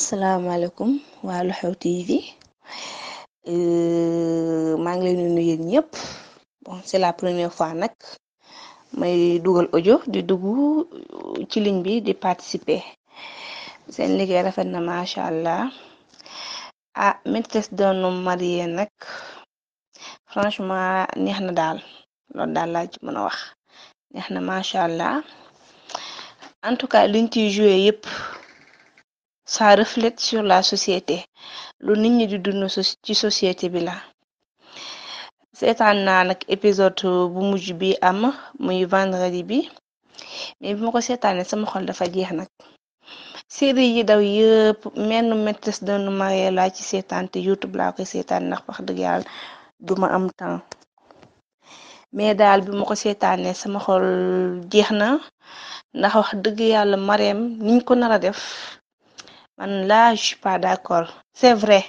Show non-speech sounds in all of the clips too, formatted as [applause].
asalaamaaleykum waa Lu Xew TV maa ngi leen di nuyu c'est la première fois nag may dugal ojo di dugg ci ligne bi di participer seen liggéey rafet na macha allah ah maîtresse d'un homme marié nag franchement neex na daal loolu daal laa ci mën a wax neex na macha allah en tout cas liñ ciy joué yëpp. ça reflète sur la société lu nit ñi di dund ci société bi la seetaan naa nag épisode bu mujj bi am muy vendredi bi mais bi ma ko seetaanee sama xol dafa jeex nag série yi daw yëpp menn maîtresse d'un laa ci seetaan te youtube laa koy seetaan ndax wax dëgg yàlla duma am temps mais daal bi ma ko seetaane sama xol jeex na ndax wax dëgg yàlla mareem niñ ko nar def man laa je suis pas d'accord c'est vrai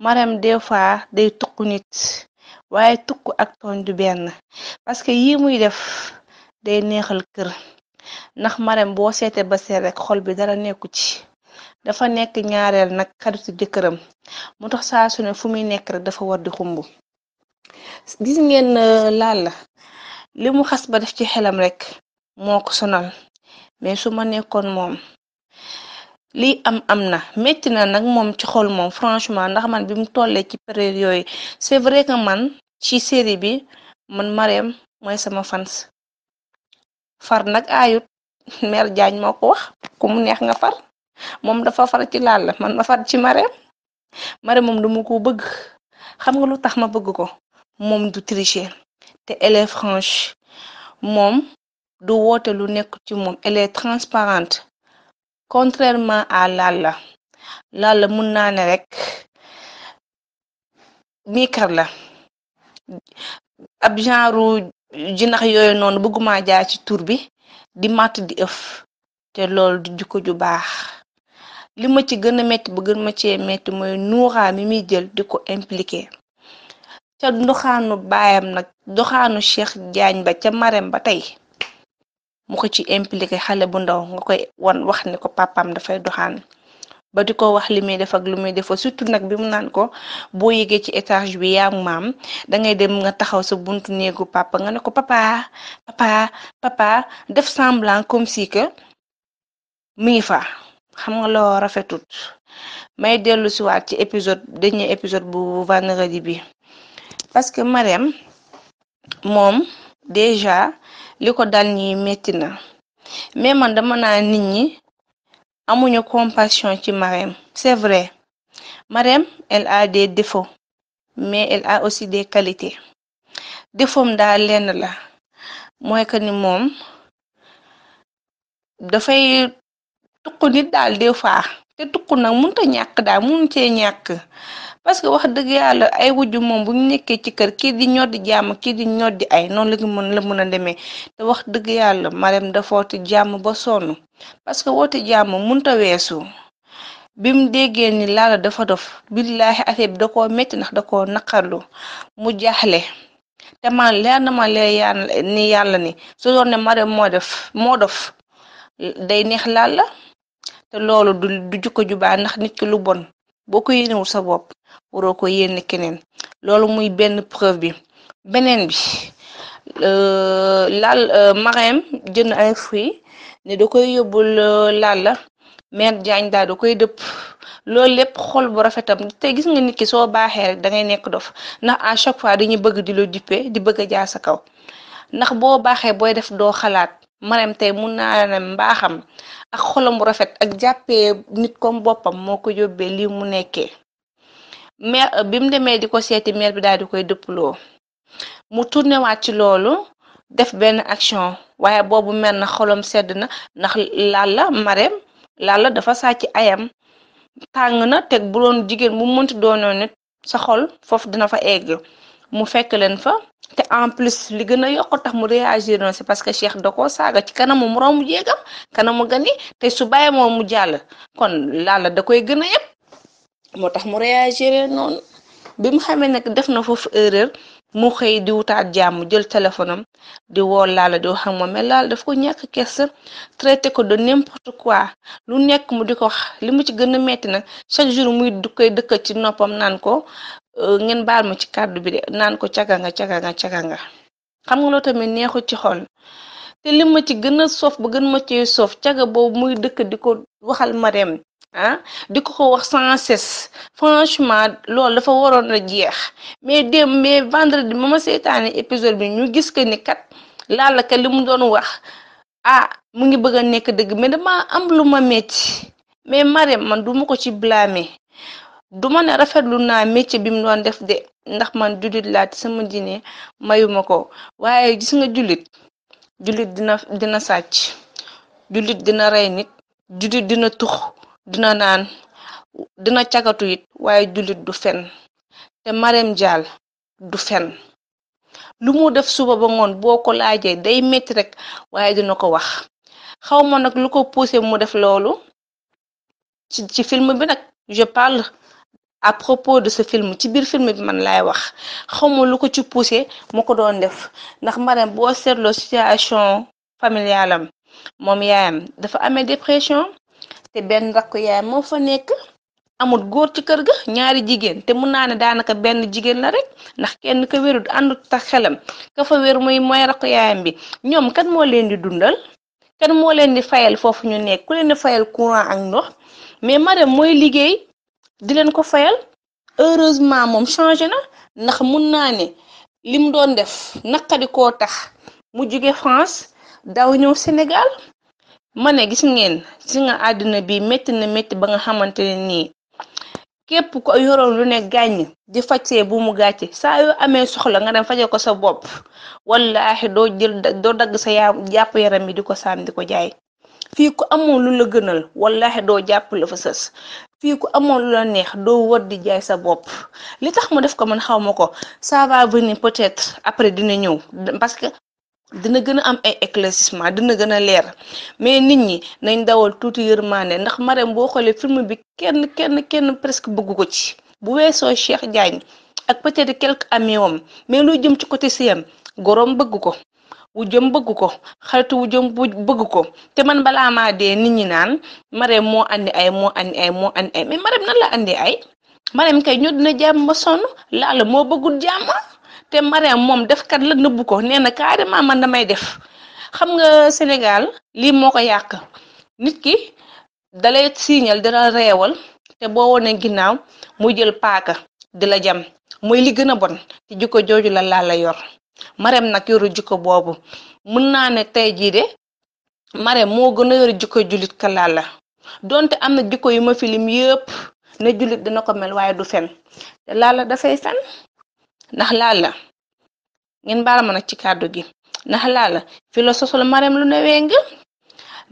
Marème des fois day tukk nit waaye tukk ak tooñ du benn parce que yi muy def day neexal kër ndax Marème boo seetee ba seet rek xol bi dara nekku ci dafa nekk ñaareel nag xaritu jëkkëram mu tax saa su ne fu muy nekk rek dafa war di xumb gis ngeen euh, laal la li mu xas ba def ci xelam rek moo ko sonal mais su ma nekkoon moom lii am am na métti na nag moom ci xol moom franchement ndax man bi mu tollee ci période yooyu c'est vrai que man ci série bi man Marème mooy sama fans far nag ayut [laughs] mère jaañ moo ko wax ku mu neex nga far moom dafa far ci laal la man ma far ci Marème Marème moom dama ko bëgg xam nga lu tax ma bëgg ko moom du tricher te elle franche moom du woote lu nekk ci moom elle est contrairement à Lalla Lalla mun naa ne rekk miikar la ab genre jinax yooyu noonu bëgguma jaar ci tur bi di matt di ëf te lool di ko ju baax li ma ci gën a metti bu gën ma cee metti mooy nuuraa mi muy jël di ko impliqué ca doxaanu baayam nag doxaanu Cheikh Jaañ ba ca Marème ba tey mu ko ci impliqué xale bu ndaw nga koy wan wax ni ko papaam dafay doxaan ba di ko wax li muy def ak lu muy defa surtout nag bi mu naan ko boo yegee ci étage bi yaam maam dangay dem nga taxaw sa buntu néegu papa nga ne ko papa papa papa def semblant comme si que mi ngi fa xam nga loo rafetut may dellu siwaat ci épisode dernier épisode bu vendredi bi parce que Marème moom déjà liko ko dal ñi metti na mais man dama naa nit ñi amuñu compassion ci Marème c'est vrai Marème elle a des défauts mais elle a aussi des qualités défaut daal lenn la mooy que ni moom dafay tukku daal des fois te tuq nag mënut a ñàkk daal mënu cee ñàkk parce que wax dëgg yàlla ay wuju moom bu ñu nekkee ci kër kii di ñoddi jàmm kii di ñoodi ay noonu la mën la mën a demee te wax dëgg yàlla Marème dafa woote jàmm ba sonn parce que woote jàmm mënut a weesu bi mu ni laala dafa dof billaahi affaire bi da koo métti ndax da koo naqarlu mu jaaxle te man leer na ma lee ni yàlla ni su doon ne Marème moo def moo dof day neex laala te loolu du du jikko ju ndax nit ki lu bon boo ko yéenewul sa bopp waroo ko yéene keneen loolu muy benn preuve bi beneen bi euh, laal euh, Marème jënd ay fruits ne da koy yóbbul euh, laal la mère Diagne daal da koy dëpp loolu lépp xol bu rafetam te gis nga nit ki soo baaxee rek da ngay nekk dof ndax à chaque fois dañuy bëgg di la duppe di bëgg a jaar sa kaw ndax boo baaxee booy def doo xalaat Marème tey mun naa ne mbaaxam ak xolam bu rafet ak jàppee nit koom boppam moo ko yóbbee lii mu nekkee maire euh, bi mu demee di ko seeti maire bi daal di koy dëpploo mu tourné ci loolu def benn action waaye boobu mel na xolam sedd na ndax Lalla Marème Lalla dafa sàcc ayam tàng na teg bu doon jigéen bu mënt doonoo nit sa xol foofu dina fa egg mu fekk leen fa te en plus li gën a yokk tax mu réagir noonu c'est parce que Cheikh da koo saaga ci kanamu moroomu jéegam kanamu gani te su bàyyi moom mu jàll kon laala da koy gën a moo tax mu réagir noonu bi mu xamee nag def na foofu erreur mu xëy di wutaat mu jël téléphone am di woo laala di wax ak moom mais laala daf ko ñàkk kersa traité ko de n'importe quoi lu nekk mu di ko wax li mu ci gën a metti nag chaque jour muy du koy dëkk ci noppam naan ko Euh, ngeen baal ma ci kàddu bi de naan ko caga nga caga nga xam nga loo tamit neexul ci xol te li ma ci gën a soof ba gën ma cee soof caga boobu muy dëkk di ko waxal Marème ah di ko ko wax sans cesse franchement loolu dafa waroon a jeex mais dem mais vendredi ma ma seetaane épisode bi ñu gis que ni kat laala ka li mu doon wax ah mu ngi bëgg a nekk dëgg mais dama am lu ma metti mais Marème man duma ko ci blâmer du ma ne rafetlu naa métier bi mu doon def de ndax man julit laa te sama diine mayuma ko waaye gis nga julit julit dina dina sàcc jullit dina rey nit jullit dina tux dina naan dina cagatu it waaye julit du fen te Marème Dial du fen lu mu def suba ba ngoon boo ko laajee day metti rek waaye dina ko wax xaw ma nag lu ko poussé mu def loolu ci ci film bi nag je parle à propos de ce film ci biir film bi man laay wax xawma lu ko ci poussé mu ko doon def ndax Marème boo seetloo situation familiale am moom yaayam dafa amee dépression te benn rakku yaayam moo fa nekk amut góor ci kër ga ñaari jigéen te mun naa ne daanaka benn jigéen la rek ndax kenn ka wérut àndut tax xelam ka fa wér muy mooy rakku yaayam bi ñoom kan moo leen di dundal kan moo leen di fayal foofu ñu nekk ku leen di fayal courant ak ndox mais Marème di leen ko fayal heureusement moom changé na ndax mun naa ne lim doon def naqadi koo tax mu jóge France daw ñëw Sénégal ma ne gis ngeen si nga àddina bi métti na métti ba nga xamante ne nii képp ko yoroon lu ne gàññ di fajsee bu mu gàcce saa yoo amee soxla nga dem faje ko sa bopp wallaahi doo jël doo dagg sa yàpp yaram bi di ko saam di ko jaay fii ku amoon lu la gënal wallaahi doo jàpp la fa sës fii ku amoon lu la neex doo war di jaay sa bopp li tax mu def ko mën xaw ma ko ça va venir peut-être après dina ñëw parce que dina gën a am ay éclaircissement dina gën a leer mais nit ñi nañ dawal tuuti yërmaande ndax Marème boo xoolee film bi kenn kenn kenn presque bëggu ko ci bu weesoo Cheikh Diagne ak peut-être quelque amis wam mais luy jëm ci côté siyam goroom bëgg ko wu jëm bëgg ko xaritu wu jëm bëgg ko te man balaa maa dee nit ñi naan Marème moo andi ay moo andi ay moo andi ay mais nan la andi ay Marème kay ñoo dina jàmm ba sonn laala moo bëggul jàmm te Marème moom def kat la nëbbu ko nee na carrément man damay def xam nga senegal lii moo ko yàq nit ki dalay signal dina reewal te boo wonee ginnaaw mu jël paaka di la jam mooy li gën a bon te jikko jooju la laal laala yor Marème nag yoru jikko boobu mën naa ne tey jii de Marème moo gën a yoru jikko jullit kalaal la donte am na jikko yu ma filim yëpp ne jullit dina ko mel waaye du fen te laala dafay fen ndax laala ngeen baal ma na ci kàddu gi ndax laala fi la sosul lu ne weng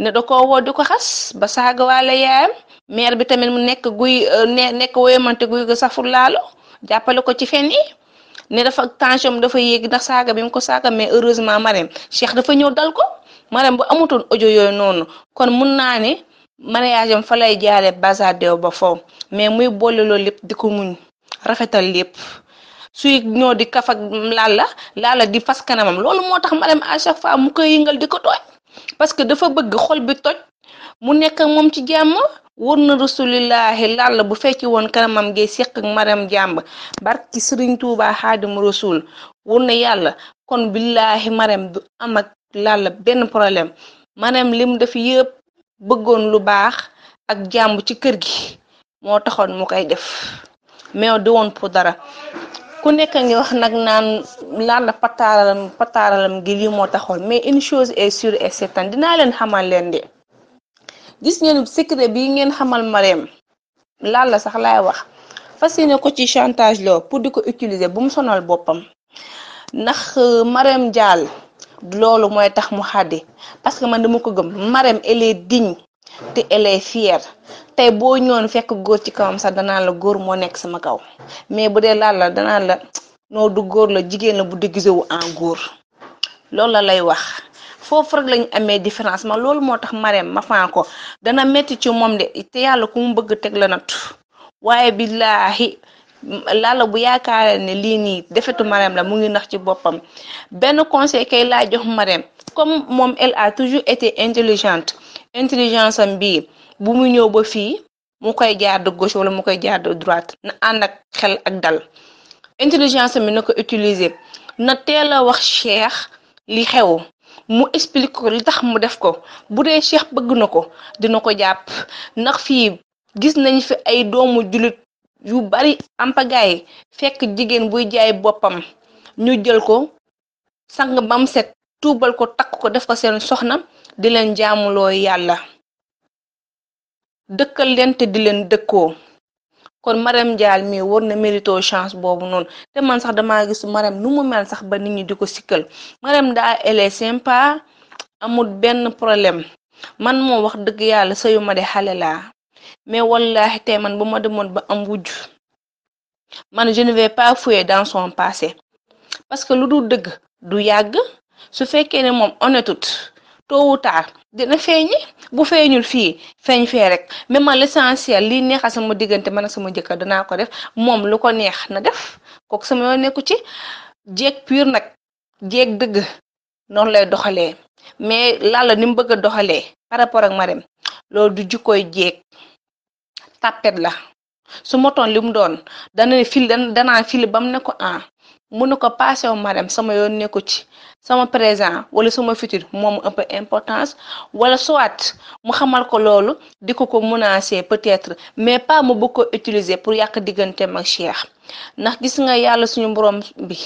ne da ko woo xas ba saaga waale yaayam maire bi tamit mu nekk guy euh, nekk woyamante guy ga safur laalo jàppale ko ci fen yi ne dafa tension dafa yéeg ndax saaga bi mu ko saaga mais heureusement Marème Cheikh dafa ñëw dal ko Marème bu amutoon audio yooyu noonu kon mun naa ne mariage fa lay jaaree basadew ba foofu mais muy boole loolu lépp di ko muñ rafetal lépp suy ñoo di kaf ak laala Lalla di fas kanamam loolu moo tax Marème à chaque fois mu koy yëngal di ko tooñ parce que dafa bëgg xol bi toj mu nekk ak moom ci jàmm wër na rasulillahi làll bu fekki woon kanamam gee séq ak maram jàmb barki sëriñ tuuba xaadim rasul wër na yàlla kon billaahi maram du am ak làll benn problème maram lim def yëpp bëggoon lu baax ak jàmb ci kër gi moo taxoon mu koy def meew di woon pour dara ku nekk ngi wax nag naan laal la pataaralam pataaralam gi lii moo taxoon mais une chose est sûre et certaine dinaa leen xamal leen di gis ngeen secret bi ngeen xamal Marème laal la sax laay wax fas yéene ko ci chantage loo pour di ko utiliser bu mu sonal boppam ndax euh, Marème Dial loolu mooy tax mu xàddi parce que man dama ko gëm Marème elle est digne te elle est fière tey boo ñëwoon fekk góor ci kawam sax danaa la góor moo nekk sama kaw mais bu dee laal la danaa la noo du góor la jigéen la bu déguisé wu en góor loolu la lay wax. foofu rek lañ amee différencement loolu moo tax Marème ma faa ko dana metti ci moom de te yàlla ku bëgg teg la nat waaye billaahi lalla bu yaakaaree ne lii nii defetu Marème la mu ngi nax ci boppam benn conseil kay laa jox Marème comme moom el a toujours été intelligente intelligence am bii bu mu ñëw ba fii mu koy jaar de gauche wala mu koy jaar de droite na ànd ak xel ak dal intelligence am bi na ko utiliser na teel a wax Cheikh li xew mu explique ko li tax mu def ko bu dee Cheikh bëgg na ko dina ko jàpp ndax fii gis nañ fi ay doomu jullit yu bari ampagaay fekk jigéen buy jaay boppam ñu jël ko sang bam set tuubal ko takk ko def ko seen soxna di leen jaamuloo yàlla dëkkal leen te di leen dëkkoo kon Marème Dial mii war na mérito chance boobu noonu te man sax dama gis Marème nu mu mel sax ba nit ñi di ko sikkal Marème daa elle est sympa amul benn problème man moo wax dëgg yàlla sëyu ma de xale laa mais wallaahi tey man bu ma demoon ba am wuj man je ne vais pas fouiller dans son passé parce que lu dul dëgg du yàgg su fekkee ne moom honnêtut tôt ou tard dina feeñi bu feeñul fii feeñ fee rek même man l'essentiel lii neexal sama diggante man sama jëkkër danaa ko def moom lu ko neex na def kook sama yoon nekku ci jeeg pur nag jeg dëgg noonu lay doxalee mais lalla ni mu bëgg a doxalee par rapport ak ma loolu du jikkooy jeeg tàppet la su motoon li mu doon dana fil danaa fil ba mu ne ko ah mënu ko passé wu madame sama yoon nekku ci sama présent wala sama futur moom un importance wala soit mu xamal ko loolu di ko ko menacer peut-être mais pas mu bëgg ko utiliser pour yàq digganteem ak Cheikh ndax gis nga yàlla suñu borom bi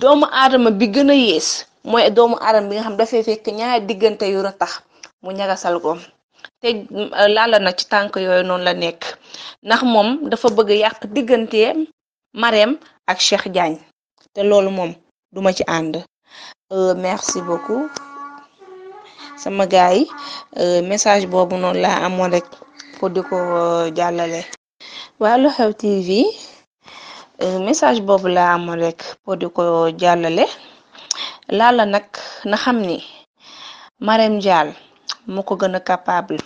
doomu aadama bi gën a yées mooy doomu aadama bi nga xam dafay fekk ñaari diggante yu tax mu ñagasal ko te euh, laala na ci tànk yooyu noonu la nekk ndax moom dafa bëgg yàq diggante Marème ak Cheikh Diagne te loolu moom duma ci ànd euh, merci beaucoup sama gars yi euh, message boobu noonu laa amoon rek pour di ko euh, jàllale waa Lu Xew TV message boobu laa amoon di ko jàllale Lalla nag na xam ni Marème Dial moo ko gën a capable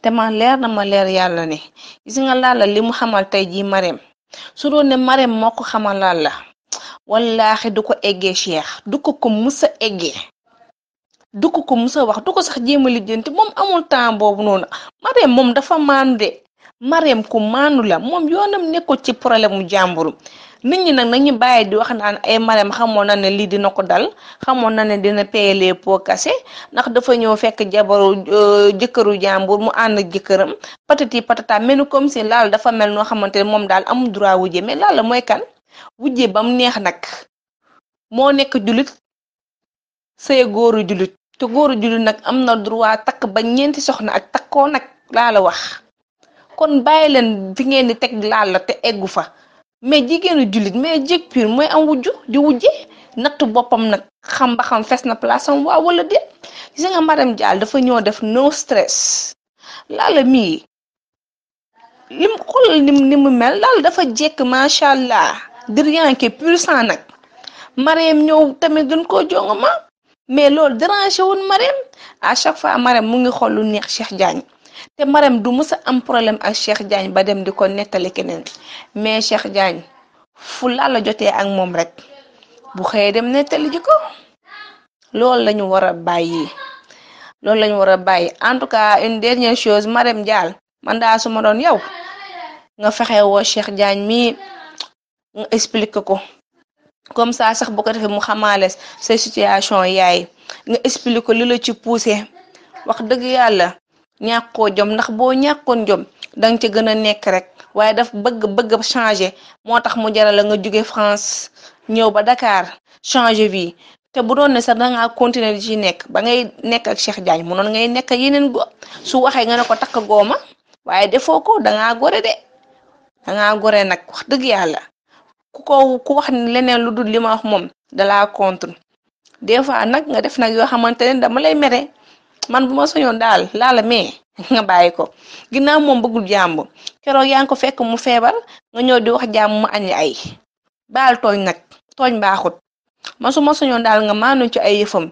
te man leer na ma leer yàlla ne gis nga Lalla li xamal tey ji Marème su doon ne Marème moo ko xamalal la wallaahi du ko eggee Cheikh du ko ko mus a eggee du ko ko wax du ko sax jéem a lijjanti moom amul temps boobu noonu Marème dafa maandu de Marème ku maandu la moom yoonam nekkul ci problème mu jàmbur nit ñi nag nañu bàyyi di wax naan ay Marème xamoon na ne lii dina ko dal xamoon na ne dina payalee pot cassé ndax dafa ñëw fekk jabaru euh, jëkkëru jàmbur mu ànd ak jëkkëram patati patata mel ni comme si laal dafa mel noo xamante ne moom daal amul droit wujje mais laal mooy kan wujje ba mu neex nag moo nekk julit sëye góoru jullit te góoru jullit nag am na droit takk ba ñeenti soxna ak takkoo nag laala wax kon bàyyi leen fi ngeen di teg laal la te eggu fa mais jigéenu jullit mais jéeg pur mooy am wujju di wujje nattu boppam nag xam ba xam fes na place am waa wala déet gis nga madame dafa ñoo def no stress laala mii lim xoolal nim ni mel laala dafa jekk macha allah di rianke pur sang nag Marème ñëw tamit gën koo jongoma mais loolu dérangé wul Marème à chaque fois Marème mu ngi xool lu neex Cheikh Diagne te Marème du mës a am problème ak Cheikh jaañ ba dem di ko nettali keneen mais Cheikh Diagne fu Lalla jotee ak moom rek bu xëyee dem nettali ji ko lañu war a bàyyi loolu lañu war a bàyyi en tout cas une dernière chose Marème Dial man daa su ma doon yow nga fexe woo Cheikh mi mii nga expliqué ko comme ça sax bu ko defee mu xamaale se situation yaay nga expliqué ko li ci poussé wax dëgg yàlla ñàkkoo jom ndax boo ñàkkoon jom danga ca gën a nekk rek waaye daf bëgg bëgg changer moo tax mu jaral la nga jóge France ñëw ba dakaar changer vie te bu doon ne sax dangaa continuer di ci nekk ba ngay nekk ak Cheikh Diagne munoon ngay nekk ak yeneen go su waxee nga ne ko takk gooma waaye defoo ko dangaa gore de dangaa gore nag wax dëgg yàlla ku ko ku wax leneen lu dul li ma wax moom dalaa contre des fois nag nga def nag yoo xamante ne dama lay mere man bu ma soñoon daal laala mais [laughs] nga bàyyi ko ginnaaw moom bëggul jàmb keroog yaa ko fekk mu feebar nga ñëw di wax jàmm mu añi ay baal tooñ nag tooñ baaxut man su ma soñoon daal nga maanu ci ay yëfam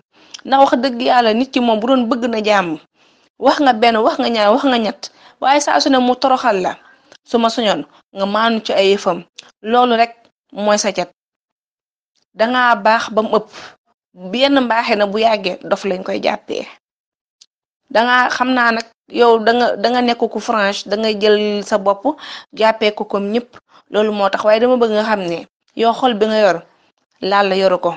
wax dëgg yàlla nit ki moom bu doon bëgg na jàmm wax nga benn wax nga ñaar wax nga ñett waaye saa su mu toroxal la su ma soñoon nga maanu ci ay yëfam loolu rek mooy sacet cat baax ba mu ëpp yenn mbaaxe na bu yàggee dof lañ koy jàppee danga xam naa nag yow da nga da nga nekk ku franche da nga jël sa bopp jàppee ko comme ñëpp loolu moo tax waaye dama bëgg nga xam ne yow xol bi nga yor Lalla yoru ko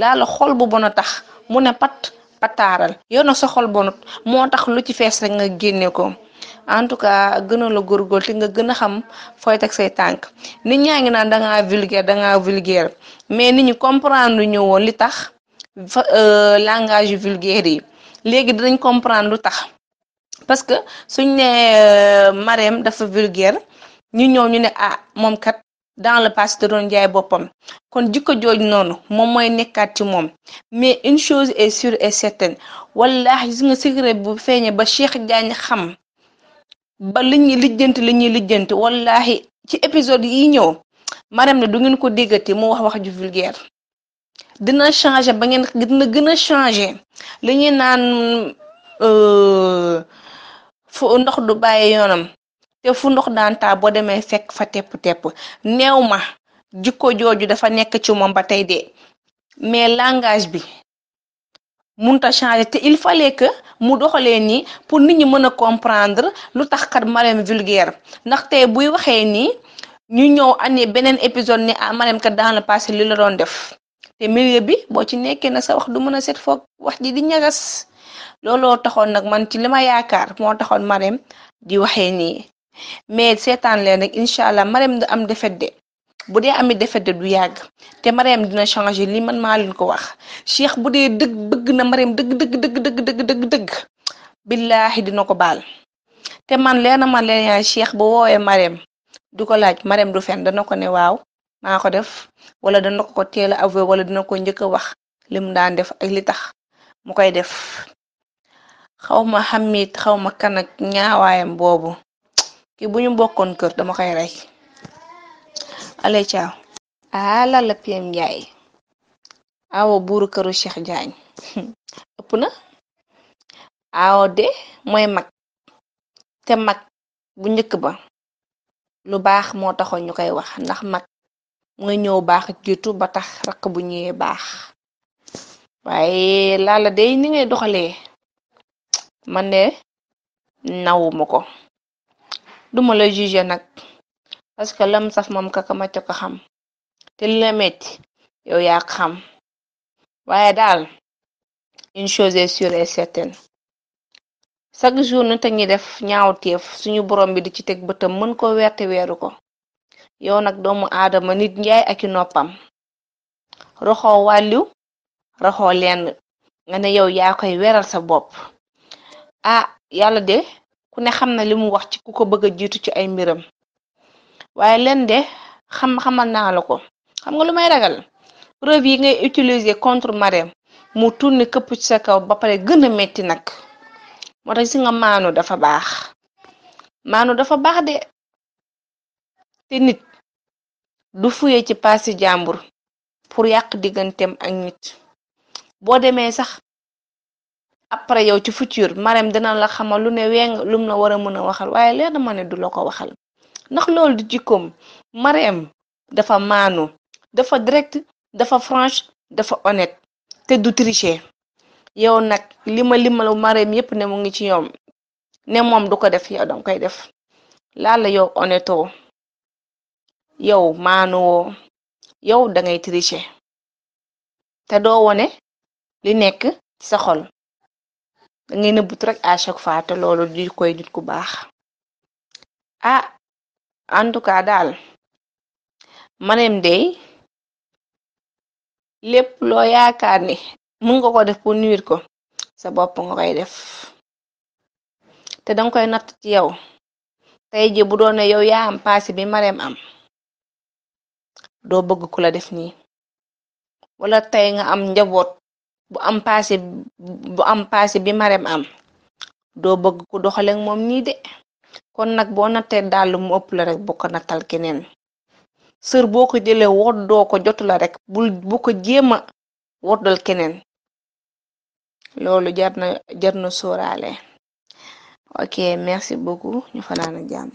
Lalla xol bu bon a tax mu ne pat pataaral yow nag sa xol bonut moo tax lu ci fees rek nga génne ko en tout cas gën a la góorgóor te nga gën a xam fooy teg say tànk nit ñaa ngi naan dangaa vulgaire dangaa vulgaire mais nit ñi comprendre ñu woon li tax euh, langage vulgaire yi. léegi dinañ comprendre lu tax parce que suñ ne euh, Marème dafa vulgaire ñu ñëw ñu ne ah moom kat dans le passé da doon boppam kon jikko jooj noonu moom mooy nekkaat ci moom mais une chose es sur et certaine wallaahi gis nga secret bu feeñee ba Cheikh Diagne xam ba li ñuy lijjanti li ñuy lijjanti wallaahi ci épisode yi ñëw Marème ne du ngeen ko déggati mu wax wax ju vulgaire dina changé ba ngeen dina gën a changé li ñuy naan euh, fu ndox du bàyyi yoonam te fu ndox daan taa boo demee fekk fa tepp-tepp neew ma jikko jooju dafa nekk ci moom ba tey de mais langage bi mun munta changé te il fallait que mu doxalee nii pour nit ñi mën a comprendre lu tax kat Marème vulgaire ndax tey buy waxee nii ñu ñëw ani beneen épisode ni ah Marème kat daan la li la doon def te milieu bi boo ci nekkee na sa wax du mën a set foog wax ji di ñagas looloo taxoon nag man ci li ma yaakaar moo taxoon Marème di waxee nii mais seetaan leen rek incha allah Marème du am defet de bu dee ami defet de du yàgg te Marème dina changer li man maa leen ko wax Cheikh bu dee dëgg na Marème dëgg dëgg dëgg dëgg dëgg dëgg dëgg dina ko baal te man leen leena man leen yaay Cheikh bu woowee Marème du ko laaj Marème du fen dana ko ne waaw maa ko def wala da ko teel a wala dina ko njëkk a wax lim daan def ak li tax mu koy def xaw ma xamit xaw ma kan ak ñaawaayam boobu ki bu ñu bokkoon kër dama koy rey ale caaw ala ah, la PM Ndiaye awo buuru këru Cheikh Diagne [laughs] ëpp na awo de mooy mag te mag bu njëkk ba lu baax moo taxoon ñu koy wax ndax mag mooy ñëw baax ak jiitu ba tax rakk bu ñuy baax waaye laala day ni ngay doxalee man de nawuma ko duma la juge nag parce que lam saf moom kakama co ko xam te li metti yow yaa xam waaye daal une chose est sûre certaine chaque jour nit a ngi def ñaaw teef suñu borom bi di ci teg bëtam mën ko weer te weeru ko yow nag doomu aadama nit njaay ak i noppam roxoo wàlliw roxoo lenn nga ne yow yaa koy weral sa bopp ah yàlla de ku ne xam na li mu wax ci ku ko bëgg a jiitu ci ay mbiram waaye leen de xam xamal naa la ko xam nga lu may ragal preuve yi ngay utiliser contre Marème mu tourner këpp ci sa kaw ba pare gën a metti nag moo tax si nga maanu dafa baax maanu dafa baax de te nit du fuyee ci paasi jàmbur pour yàq digganteem ak nit boo demee sax après yow ci futur Marème dana la xamal lu ne weng lum la war a mën a waxal waaye leer na ma ne du la ko waxal ndax loolu di jikkoom Marème dafa maanu dafa direct dafa franche dafa honnête te du tricher yow nag lima limalu Marème yépp ne mu ngi ci yoom ne moom du ko def yow danga koy def laala yow honnêtoo yow maanuwoo da ngay tricher te doo wone li nekk ci sa xol dangay rek à chaque fois te loolu di koy nit ku baax ah en tout cas daal maneem dey lépp loo yaakaar ni mën nga ko def pour nuir ko sa bopp nga def te danga koy natt ci yow tey ji bu doon yow yaa am passé bi mareem am doo bëgg ku la def nii wala tey nga am njaboot bu am passé bu am passé bi Marème am doo bëgg ku doxaleek moom nii de kon nag boo nattee dàll mu ëpp la rek bu ko nattal keneen sër boo ko jëlee woddoo ko jotu la rek bul bu ko jéema woddal keneen loolu jar na jar na sóoraale ok merci beaucoup ñu fanaan ak jàmm